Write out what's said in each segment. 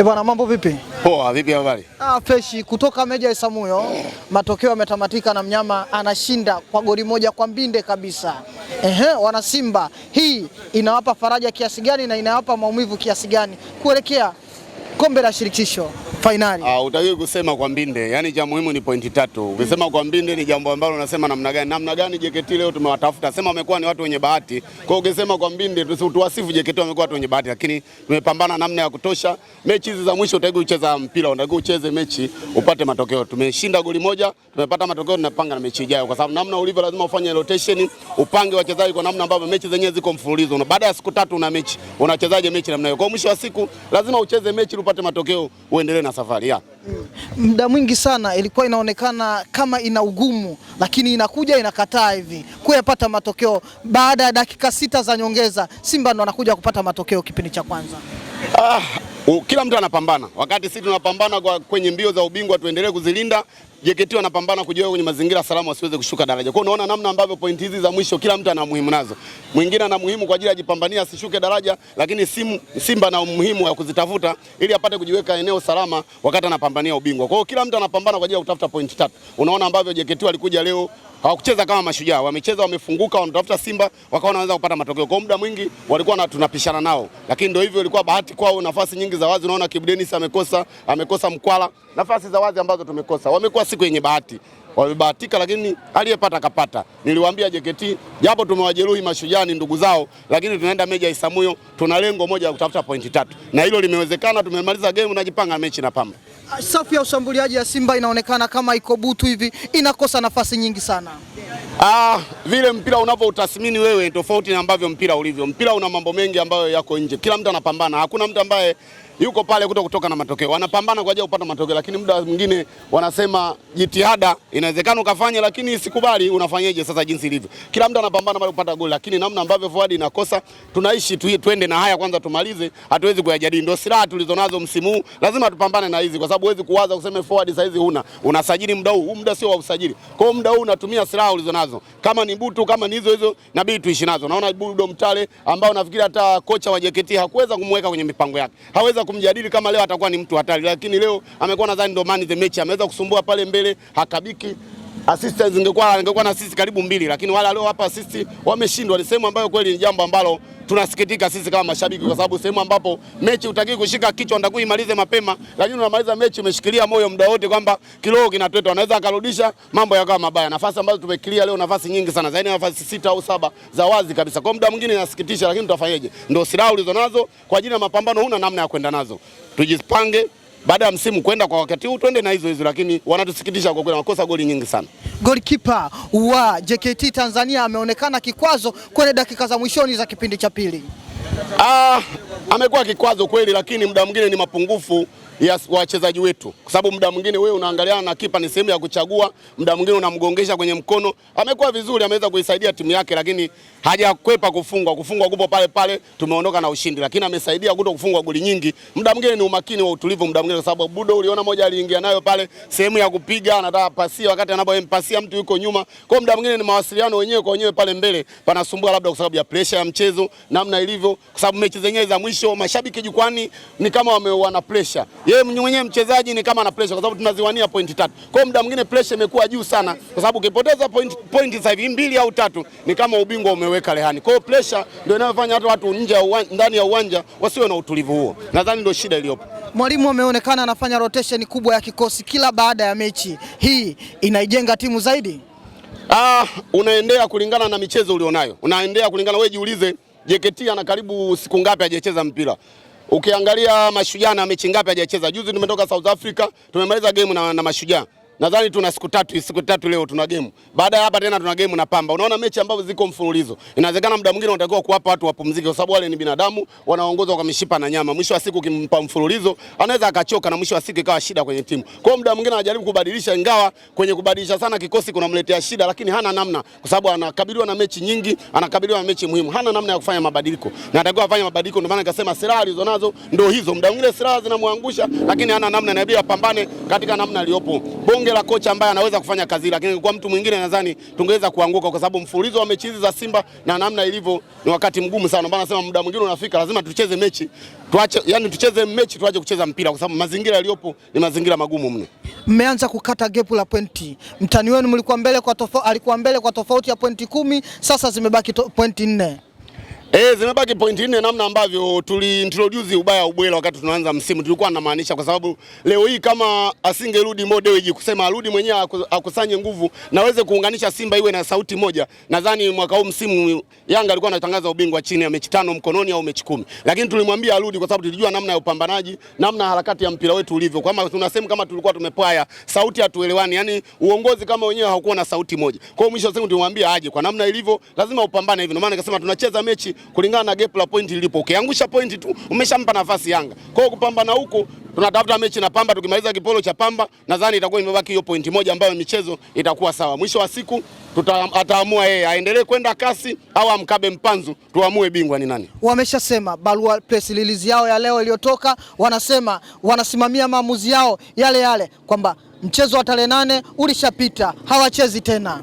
E bwana, mambo vipi? Poa, vipi habari? Ah, freshi kutoka Meja Isamuyo. Matokeo yametamatika na mnyama anashinda kwa goli moja kwa mbinde kabisa. Ehe, wana Simba, hii inawapa faraja kiasi gani na inawapa maumivu kiasi gani kuelekea kombe la shirikisho? fainali. Ah, utaki kusema kwa mbinde, yaani cha muhimu ni pointi tatu. Ukisema kwa mbinde ni jambo ambalo unasema namna gani, namna gani JKT leo tumewatafuta, sema wamekuwa ni watu wenye bahati. Kwa hiyo ukisema kwa mbinde tuwasifu JKT, wamekuwa watu wenye bahati, lakini tumepambana namna ya kutosha. Mechi hizi za mwisho utaki kucheza mpira, unataki ucheze mechi upate matokeo. Tumeshinda goli moja, tumepata matokeo, tunapanga na mechi ijayo, kwa sababu namna ulivyo lazima ufanye rotation, upange wachezaji kwa namna ambavyo mechi zenyewe ziko mfululizo. Baada ya siku tatu una mechi, unachezaje mechi namna hiyo? Kwa mwisho wa siku lazima ucheze mechi upate matokeo, uendelee na safari ya muda mwingi sana ilikuwa inaonekana kama ina ugumu, lakini inakuja inakataa hivi kuyapata matokeo. Baada ya dakika sita za nyongeza, Simba ndo anakuja kupata matokeo kipindi cha kwanza. Ah, kila mtu anapambana, wakati sisi tunapambana kwenye mbio za ubingwa, tuendelee kuzilinda JKT wanapambana kujiweka kwenye mazingira salama wasiweze kushuka daraja. Kwa hiyo unaona namna ambavyo pointi hizi za mwisho kila mtu ana muhimu nazo. Mwingine ana muhimu kwa ajili ya jipambania asishuke daraja, lakini simu, Simba na umuhimu wa kuzitafuta ili apate kujiweka eneo salama wakati anapambania ubingwa. Kwa hiyo kila mtu anapambana kwa ajili ya kutafuta pointi tatu. Unaona ambavyo JKT walikuja leo hawakucheza kama mashujaa, wamecheza wamefunguka, wanatafuta Simba wakaona wanaweza kupata matokeo. Kwa muda mwingi walikuwa na, tunapishana nao, lakini ndio hivyo, ilikuwa bahati kwao, nafasi nyingi za wazi. Unaona Kibu Denis amekosa, amekosa Mkwala, nafasi za wazi ambazo tumekosa, wamekuwa siku yenye bahati wamebahatika, lakini aliyepata akapata. Niliwaambia JKT japo tumewajeruhi mashujaa ni ndugu zao, lakini tunaenda Meja Isamuyo, tuna lengo moja la kutafuta pointi tatu, na hilo limewezekana. Tumemaliza game, unajipanga mechi na Pamba. Safu ya ushambuliaji ya Simba inaonekana kama iko butu hivi, inakosa nafasi nyingi sana. Ah, vile mpira unavyoutathmini wewe tofauti na ambavyo mpira ulivyo. Mpira una mambo mengi ambayo yako nje, kila mtu anapambana, hakuna mtu ambaye yuko pale kuto kutoka na matokeo, wanapambana kwa ajili ya kupata matokeo, lakini muda mwingine wanasema jitihada inawezekana ukafanya, lakini sikubali, Unafanyaje sasa jinsi ilivyo? Kila mtu anapambana pale kupata goli, lakini namna ambavyo forward inakosa, tunaishi tu, tuende na haya kwanza tumalize, hatuwezi kuyajadili. Ndio silaha tulizonazo msimu huu, lazima tupambane na hizi, kwa sababu huwezi kuwaza kuseme forward saa hizi huna unasajili muda huu, muda sio wa usajili. Kwa hiyo muda huu unatumia silaha ulizonazo, kama ni butu, kama ni hizo hizo, inabidi tuishi nazo. Naona Budo Mtale ambao nafikiri hata kocha wa JKT hakuweza kumweka kwenye mipango yake, haweza kumjadili kama leo atakuwa ni mtu hatari, lakini leo amekuwa nadhani ndio man the match, ameweza kusumbua pale mbele, hakabiki assistance ingekuwa ingekuwa na sisi karibu mbili, lakini wale walio hapa sisi wameshindwa. Ni sehemu ambayo kweli ni jambo ambalo tunasikitika sisi kama mashabiki, kwa sababu sehemu ambapo mechi utaki kushika kichwa, unatakiwa imalize mapema, lakini unamaliza mechi umeshikilia moyo muda wote kwamba kiroho kinatwetwa, anaweza akarudisha mambo yakawa mabaya. Nafasi ambazo tumekilia leo, nafasi nyingi sana, zaidi ya nafasi sita au saba za wazi kabisa. Kwa muda mwingine inasikitisha, lakini tutafanyaje? Ndio silaha ulizonazo kwa ajili ya mapambano, huna namna ya kwenda nazo. Tujipange baada ya msimu kwenda kwa wakati huu twende na hizo hizo, lakini wanatusikitisha kwa kweli, wakosa goli nyingi sana. Golikipa wa JKT Tanzania ameonekana kikwazo kwenye dakika za mwishoni za kipindi cha pili. Ah, amekuwa kikwazo kweli, lakini muda mwingine ni mapungufu ya wachezaji wetu, kwa sababu muda mwingine wewe unaangaliana na kipa, ni sehemu ya kuchagua, muda mwingine unamgongesha kwenye mkono. Amekuwa vizuri, ameweza kuisaidia timu yake, lakini hajakwepa kufungwa. Kufungwa kupo pale pale, tumeondoka na ushindi, lakini amesaidia kuto kufungwa goli nyingi. Muda mwingine ni umakini wa utulivu, muda mwingine, kwa sababu Budo uliona moja aliingia nayo pale, sehemu ya kupiga anataka pasia, wakati anapompasia mtu yuko nyuma. Kwa muda mwingine ni mawasiliano wenyewe kwa wenyewe pale mbele panasumbua, labda kwa sababu ya pressure ya mchezo namna ilivyo, kwa sababu mechi zenyewe za mwisho mashabiki jukwani ni kama wame wana pressure yeye mwenyewe mchezaji ni kama ana pressure, kwa sababu tunaziwania pointi tatu. Kwa muda mwingine pressure imekuwa juu sana, kwa sababu ukipoteza pointi point sasa hivi mbili au tatu ni kama ubingwa umeweka rehani. Kwa hiyo pressure ndio inayofanya hata watu nje ya uwanja, ndani ya uwanja wasiwe na utulivu huo, nadhani ndio shida iliyopo. Mwalimu ameonekana anafanya rotation kubwa ya kikosi kila baada ya mechi, hii inaijenga timu zaidi. Ah, unaendea kulingana na michezo ulionayo, unaendea kulingana. Wewe jiulize JKT ana karibu siku ngapi hajacheza mpira? Ukiangalia Mashujaa na mechi ngapi hajacheza. Juzi tumetoka South Africa, tumemaliza game na, na Mashujaa. Nadhani tuna siku tatu, siku tatu leo tuna game. Baada ya hapa tena tuna game na Pamba. Unaona mechi ambazo ziko mfululizo. Inawezekana muda mwingine unatakiwa kuwapa watu wapumzike kwa sababu wale ni binadamu, wanaongozwa kwa mishipa na nyama. Mwisho wa siku ukimpa mfululizo, anaweza akachoka na mwisho wa siku ikawa shida kwenye timu. Kwa hiyo muda mwingine anajaribu kubadilisha, ingawa kwenye kubadilisha sana kikosi kunamletea shida, lakini hana namna kwa sababu anakabiliwa na mechi nyingi, anakabiliwa na mechi muhimu. Hana namna ya kufanya mabadiliko. Na atakiwa afanye mabadiliko, ndio maana nikasema silaha alizonazo ndio hizo. Muda mwingine silaha zinamwangusha, lakini hana namna, inabidi apambane katika namna aliyopo. Bonge Tunge la kocha ambaye anaweza kufanya kazi, lakini kwa mtu mwingine nadhani tungeweza kuanguka, kwa sababu mfululizo wa mechi hizi za Simba na namna ilivyo ni wakati mgumu sana. Maana nasema muda mwingine unafika, lazima tucheze mechi tuache, yani tucheze mechi tuache kucheza mpira, kwa sababu mazingira yaliyopo ni mazingira magumu mno. Mmeanza kukata gepu la pointi, mtani wenu mlikuwa mbele kwa tofauti, alikuwa mbele kwa tofauti ya pointi kumi, sasa zimebaki pointi nne. E, eh, zimebaki point nne. Namna ambavyo tuli introduce ubaya ubwela wakati tunaanza msimu, tulikuwa namaanisha, kwa sababu leo hii kama asingerudi Mo Dewji kusema arudi mwenyewe akusanye nguvu na aweze kuunganisha Simba iwe na sauti moja, nadhani mwaka huu msimu Yanga alikuwa anatangaza ubingwa chini ya mechi tano mkononi au mechi kumi, lakini tulimwambia arudi kwa sababu tulijua namna ya upambanaji, namna harakati ya mpira wetu ulivyo, kama tunasema kama tulikuwa tumepaya sauti, hatuelewani, yani uongozi kama wenyewe haukuwa na sauti moja. Kwa hiyo mwisho wa siku tulimwambia aje, kwa namna ilivyo lazima upambane hivi. ndio maana akasema tunacheza mechi kulingana na gap la point lilipo. Ukiangusha point tu umeshampa nafasi Yanga. Kwa hiyo kupambana huko tunatafuta mechi na Pamba, tukimaliza kipolo cha Pamba nadhani itakuwa imebaki hiyo point moja ambayo michezo itakuwa sawa. Mwisho wa siku ataamua yeye aendelee kwenda kasi au amkabe mpanzu, tuamue bingwa ni nani. Wameshasema barua press release yao ya leo iliyotoka, wanasema wanasimamia maamuzi yao yale yale kwamba mchezo wa tarehe nane ulishapita, hawachezi tena.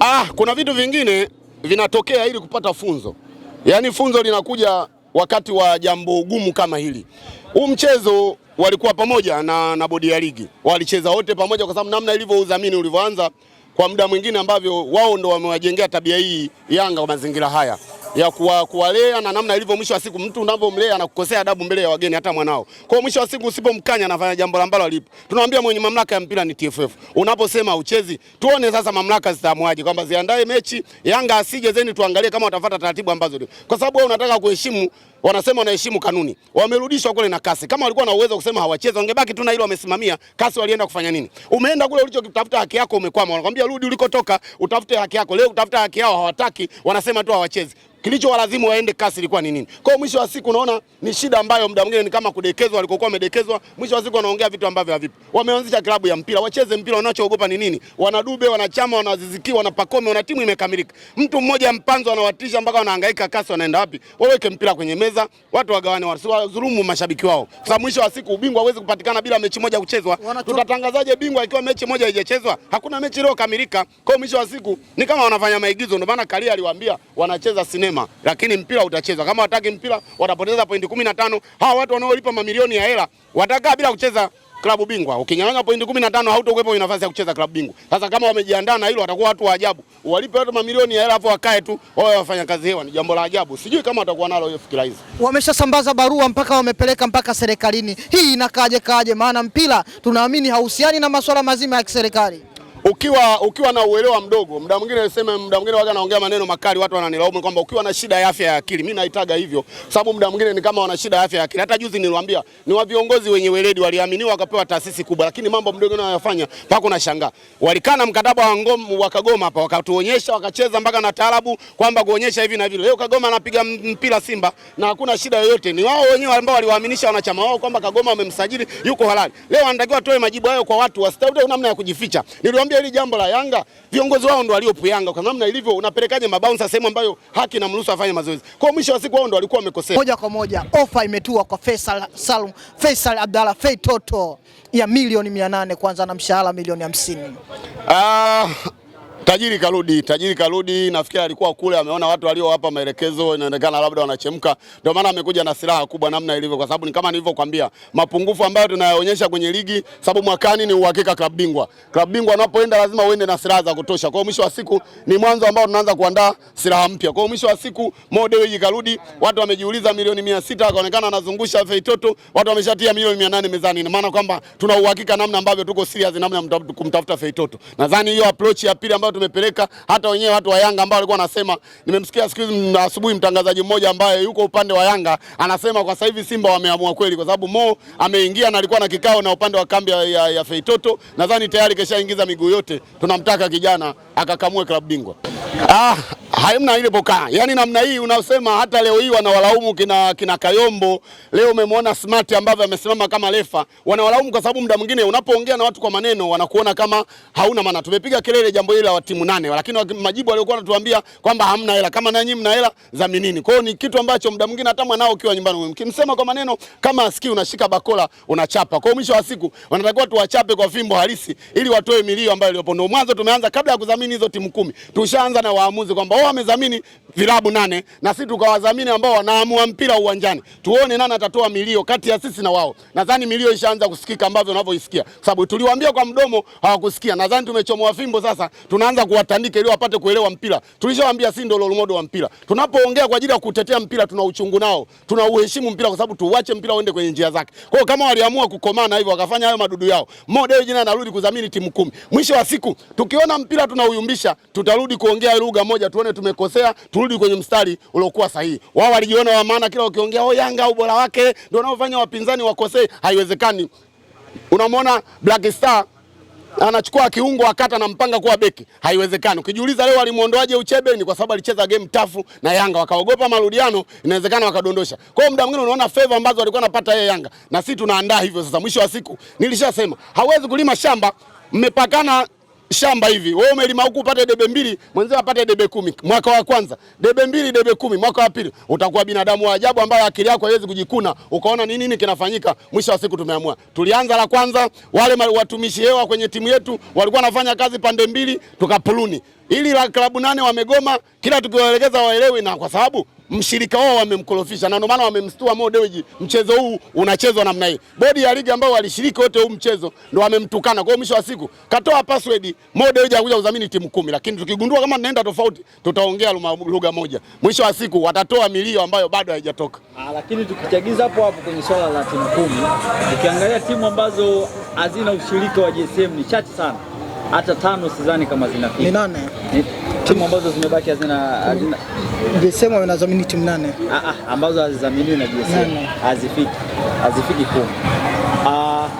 Ah, kuna vitu vingine vinatokea ili kupata funzo. Yaani funzo linakuja wakati wa jambo gumu kama hili. Huu mchezo walikuwa pamoja na, na bodi ya ligi walicheza wote pamoja, kwa sababu namna ilivyo udhamini ulivyoanza, kwa muda mwingine ambavyo wao ndo wamewajengea tabia hii Yanga kwa mazingira haya ya kuwa, kuwalea na namna ilivyo. Mwisho wa siku mtu unapomlea anakukosea adabu mbele ya wageni, hata mwanao. Kwa mwisho wa siku usipomkanya anafanya jambo la mbalo alipo. Tunamwambia mwenye mamlaka ya mpira ni TFF. Unaposema uchezi, tuone sasa mamlaka zitaamuaje kwamba ziandae mechi Yanga asije zeni, tuangalie kama watafuata taratibu ambazo, kwa sababu wewe unataka kuheshimu wanasema wanaheshimu kanuni, wamerudishwa kule na kasi. Kama walikuwa na uwezo kusema hawacheza, wangebaki tu na hilo, wamesimamia kasi. Walienda kufanya nini? Umeenda kule ulichokitafuta haki yako, umekwama. Wanakwambia rudi ulikotoka, utafute haki yako. Leo utafuta haki yao, hawataki, wanasema tu hawachezi. Kilicho walazimu waende kasi ilikuwa ni nini? Kwa mwisho wa siku, unaona ni shida ambayo muda mwingine ni kama kudekezwa, walikokuwa wamedekezwa. Mwisho wa siku wanaongea vitu ambavyo havipo. Wameanzisha klabu ya mpira, wacheze mpira, wanachoogopa ni nini? Wanadube, wanachama, wanaziziki, wanapakome, wana timu imekamilika. Mtu mmoja mpanzo anawatisha mpaka wanahangaika kasi, wanaenda wapi? Waweke mpira kwenye meza kucheza, watu wagawane, wasidhulumu mashabiki wao, kwa sababu mwisho wa siku ubingwa hauwezi kupatikana bila mechi moja kuchezwa. Tutatangazaje bingwa ikiwa mechi moja haijachezwa? Hakuna mechi iliyokamilika. Kwa mwisho wa siku ni kama wanafanya maigizo. Ndio maana Kalia aliwaambia wanacheza sinema, lakini mpira utachezwa. Kama wataki mpira watapoteza pointi kumi na tano. Hawa watu wanaolipa mamilioni ya hela watakaa bila kucheza klabu bingwa. Ukinyang'anya pointi 15 hautokuwepo kwenye nafasi ya kucheza klabu bingwa. Sasa kama wamejiandaa na hilo, watakuwa watu wa ajabu, walipe watu mamilioni ya hela hapo wakae tu wao wafanya kazi hewa. Ni jambo la ajabu, sijui kama watakuwa nalo hiyo fikira. Hizi wameshasambaza barua mpaka wamepeleka mpaka serikalini, hii inakaje kaje? Maana mpira tunaamini hahusiani na masuala mazima ya kiserikali ukiwa ukiwa na uelewa mdogo, muda mwingine niseme, muda mwingine waga naongea maneno makali, watu wananilaumu kwamba ukiwa na shida ya afya ya akili. Mimi naitaga hivyo, sababu muda mwingine ni kama wana shida ya afya ya akili. Hata juzi niliwaambia ni wa viongozi wenye weledi, waliaminiwa wakapewa taasisi kubwa, lakini mambo mdogo nayo yafanya mpaka unashangaa. na mkataba wa ngomu wa Kagoma hapa, wakatuonyesha wakacheza mpaka na taarabu kwamba kuonyesha hivi na vile. Leo Kagoma anapiga mpira Simba na hakuna shida yoyote, ni wao wenyewe ambao waliwaaminisha wanachama wao kwamba Kagoma amemsajili yuko halali. Leo anatakiwa atoe majibu hayo kwa watu, wasitafute namna ya kujificha. Niliwaambia Nimekwambia hili jambo la Yanga, viongozi wao ndio yanga kwa namna ilivyo. Unapelekaje mabouncer sehemu ambayo haki na mruhusu afanye mazoezi? Kwa hiyo mwisho wa siku wao ndio walikuwa wamekosea. Moja kwa moja ofa imetua kwa Faisal Salum, Faisal Abdalla Fei Toto ya milioni 800 kwanza na mshahara milioni 50. Ah uh, Tajiri karudi, tajiri karudi. Nafikiri alikuwa kule ameona watu waliowapa maelekezo inaonekana labda wanachemka, ndio maana amekuja na silaha kubwa namna ilivyo, kwa sababu ni kama nilivyokuambia mapungufu ambayo tunayaonyesha kwenye ligi, sababu mwakani ni uhakika klabu bingwa. Klabu bingwa unapoenda lazima uende na silaha za kutosha. Kwa hiyo mwisho wa siku ni mwanzo ambao tunaanza kuandaa silaha mpya. Kwa hiyo mwisho wa siku Mo Dewji karudi, watu wamejiuliza milioni 600 akaonekana anazungusha feitoto, watu wameshatia milioni 800 mezani, ina maana kwamba tuna uhakika namna ambavyo tuko serious namna kumtafuta feitoto. Nadhani hiyo approach ya pili ambayo ambao tumepeleka hata wenyewe watu wa Yanga ambao walikuwa wanasema, nimemsikia siku hizi asubuhi mtangazaji mmoja ambaye yuko upande wa Yanga anasema kwa sasa hivi Simba wameamua kweli, kwa sababu Mo ameingia na alikuwa na kikao na upande wa kambi ya, ya, ya Feitoto, nadhani tayari keshaingiza miguu yote. Tunamtaka kijana akakamue klabu bingwa ah hamna ile ilipokaa, yani, namna hii unasema, hata leo hii wanawalaumu kina, kina Kayombo. Leo umemwona Smart ambavyo amesimama kama refa, wanawalaumu kwa sababu muda mwingine unapoongea na watu kwa maneno wanakuona kama hauna maana. Tumepiga kelele jambo hili la timu nane, lakini majibu aliyokuwa anatuambia kwamba hamna hela, kama nanyi mna hela za minini. Kwa hiyo ni kitu ambacho muda mwingine hata mwanao ukiwa nyumbani ukimsema kwa maneno kama asikii, unashika bakola unachapa. Kwa hiyo mwisho wa siku wanatakiwa tuwachape kwa fimbo halisi ili watoe milio ambayo iliyopo. Ndio mwanzo tumeanza, kabla ya kudhamini hizo timu kumi tushaanza na waamuzi kwamba oh, amezamini vilabu nane na sisi tukawadhamini ambao wanaamua mpira uwanjani. Tuone nani atatoa milio kati ya sisi na wao. Nadhani milio ishaanza kusikika ambavyo unavyoisikia, sababu tuliwaambia kwa mdomo hawakusikia. Nadhani tumechomoa fimbo sasa, tunaanza kuwatandika ili wapate kuelewa mpira. Tulishawaambia sisi ndio role model wa mpira. Tunapoongea kwa ajili ya kutetea mpira, tuna uchungu nao, tunauheshimu mpira kwa sababu tuuache mpira uende kwenye njia zake. Kwa hiyo kama waliamua kukomana hivyo wakafanya hayo madudu yao, mmoja yeye jina anarudi kudhamini timu kumi. Mwisho wa siku tukiona mpira tunauyumbisha, tutarudi kuongea lugha moja, tuone tumekosea, turudi kwenye mstari uliokuwa sahihi. Wao walijiona wa maana, kila ukiongea oh, Yanga ubora wake ndio unaofanya wapinzani wakosee. Haiwezekani. Unamwona Black Star anachukua kiungo akata na mpanga kuwa beki, haiwezekani. Ukijiuliza leo alimuondoaje Uchebe, ni kwa sababu alicheza game tafu na Yanga, wakaogopa marudiano, inawezekana wakadondosha. Kwa hiyo muda mwingine unaona favor ambazo alikuwa anapata yeye Yanga, na sisi tunaandaa hivyo. Sasa mwisho wa siku, nilishasema hawezi kulima shamba, mmepakana shamba hivi, wewe umelima huku upate debe mbili, mwenzio apate debe kumi mwaka wa kwanza, debe mbili, debe kumi mwaka wa pili, utakuwa binadamu wa ajabu ambaye akili yako haiwezi kujikuna ukaona ni nini kinafanyika. Mwisho wa siku tumeamua, tulianza la kwanza, wale watumishi hewa kwenye timu yetu walikuwa wanafanya kazi pande mbili, tukapuluni ili la klabu nane wamegoma, kila tukiwaelekeza waelewi, na kwa sababu mshirika wao wamemkorofisha, na ndio maana wamemstua Mo Dewji. Mchezo huu unachezwa namna hii, bodi ya ligi ambao walishiriki wote huu mchezo ndio wamemtukana. Kwa hiyo mwisho wa siku katoa password, Mo Dewji kudhamini timu kumi, lakini tukigundua kama tunaenda tofauti, tutaongea lugha moja. Mwisho wa siku watatoa milio ambayo bado haijatoka. Ah, lakini tukichagiza hapo hapo kwenye swala la timu kumi, ukiangalia timu ambazo hazina ushirika wa JSM ni chache sana hata tano sidhani kama zinafika. Ni nane timu ambazo zimebaki hazina hazina GSM timu nane. Ah, ah, ambazo hazidhaminiwi na GSM hazifiki hazifiki kumi.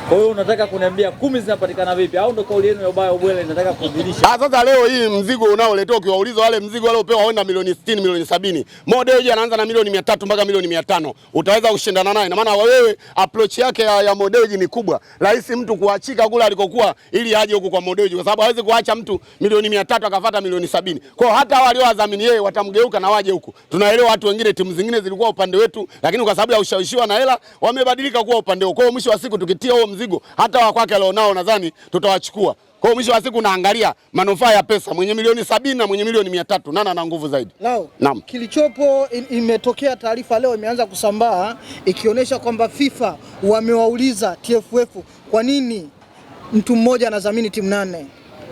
Kwa hiyo unataka kuniambia kumi zinapatikana vipi? Au ndo kauli yenu ya ubaya ubwele nataka kudilisha? Ah, sasa leo hii mzigo unaoletea ukiwauliza wale mzigo wale upewa wenda milioni 60, milioni 70. Mode hiyo anaanza na milioni 300 mpaka milioni 500. Utaweza kushindana naye? Na maana wewe approach yake ya, ya Modeji ni kubwa. Rahisi mtu kuachika kule alikokuwa ili aje huko kwa Modeji kwa sababu hawezi kuacha mtu milioni 300 akafuata milioni 70. Kwa hiyo hata waliowadhamini yeye watamgeuka na waje huko. Tunaelewa watu wengine timu zingine zilikuwa upande wetu, lakini kwa sababu ya ushawishiwa na hela wamebadilika kuwa upande wao. Kwa hiyo mwisho wa siku tukitia huo mzigo, hata wa kwake alionao nadhani tutawachukua. Kwa hiyo mwisho wa siku naangalia manufaa ya pesa, mwenye milioni sabini na mwenye milioni mia tatu nana na nguvu zaidi. Naam, kilichopo imetokea taarifa leo imeanza kusambaa ikionyesha kwamba FIFA wamewauliza TFF kwa nini mtu mmoja anadhamini timu nane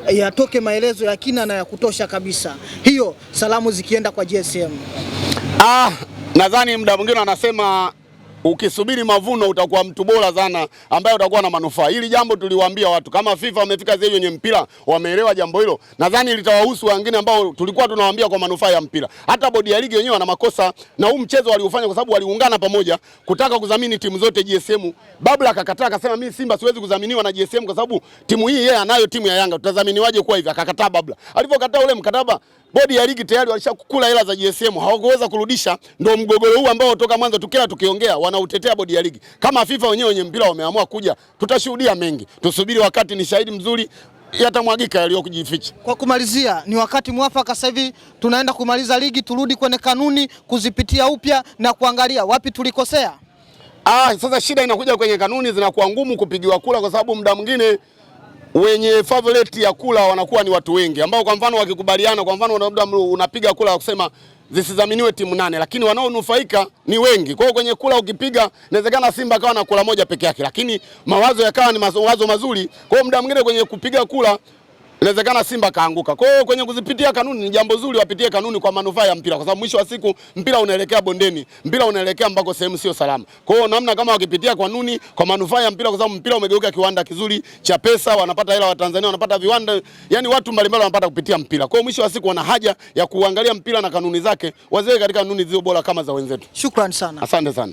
yatoke maelezo ya kina na ya kutosha kabisa. Hiyo salamu zikienda kwa GSM. Ah, nadhani muda mwingine anasema ukisubiri mavuno utakuwa mtu bora sana ambaye utakuwa na manufaa. Hili jambo tuliwaambia watu, kama FIFA wamefika sasa wenye mpira wameelewa jambo hilo, nadhani litawahusu wengine ambao tulikuwa tunawaambia kwa manufaa ya mpira. Hata bodi ya ligi wenyewe wana makosa na huu mchezo waliufanya kwa sababu waliungana pamoja kutaka kudhamini timu zote GSM. Babla akakataa akasema, mimi Simba siwezi kudhaminiwa na GSM kwa sababu timu hii yeye anayo, timu ya Yanga tutadhaminiwaje? Kwa hivyo akakataa Babla. Alivyokataa ule mkataba bodi ya ligi tayari walishakukula hela za GSM, hawakuweza kurudisha. Ndio mgogoro huu ambao toka mwanzo tukila tukiongea wanautetea bodi ya ligi. Kama FIFA wenyewe wenye mpira wameamua kuja, tutashuhudia mengi, tusubiri, wakati ni shahidi mzuri yatamwagika yaliyokujificha. Kwa kumalizia, ni wakati mwafaka sasa hivi tunaenda kumaliza ligi, turudi kwenye kanuni, kuzipitia upya na kuangalia wapi tulikosea. Ah, sasa shida inakuja kwenye kanuni, zinakuwa ngumu kupigiwa kula kwa sababu muda mwingine wenye favorite ya kula wanakuwa ni watu wengi ambao kwa mfano wakikubaliana, kwa mfano labda unapiga kula kusema zisidhaminiwe timu nane, lakini wanaonufaika ni wengi. Kwa hiyo kwenye kula ukipiga, inawezekana Simba akawa na kula moja peke yake, lakini mawazo yakawa ni mawazo mazuri. Kwa hiyo muda mwingine kwenye kupiga kula inawezekana Simba kaanguka. Kwa hiyo kwenye kuzipitia kanuni ni jambo zuri, wapitie kanuni kwa manufaa ya mpira, kwa sababu mwisho wa siku mpira unaelekea bondeni, mpira unaelekea ambako sehemu sio salama. Kwa hiyo namna kama wakipitia kanuni kwa manufaa ya mpira, kwa sababu mpira umegeuka kiwanda kizuri cha pesa, wanapata hela Tanzania, wanapata viwanda, yani watu mbalimbali wanapata kupitia mpira. Kwa hiyo mwisho wa siku wana haja ya kuangalia mpira na kanuni zake, wazee katika kanuni zilizo bora kama za wenzetu. Shukrani sana, asante sana.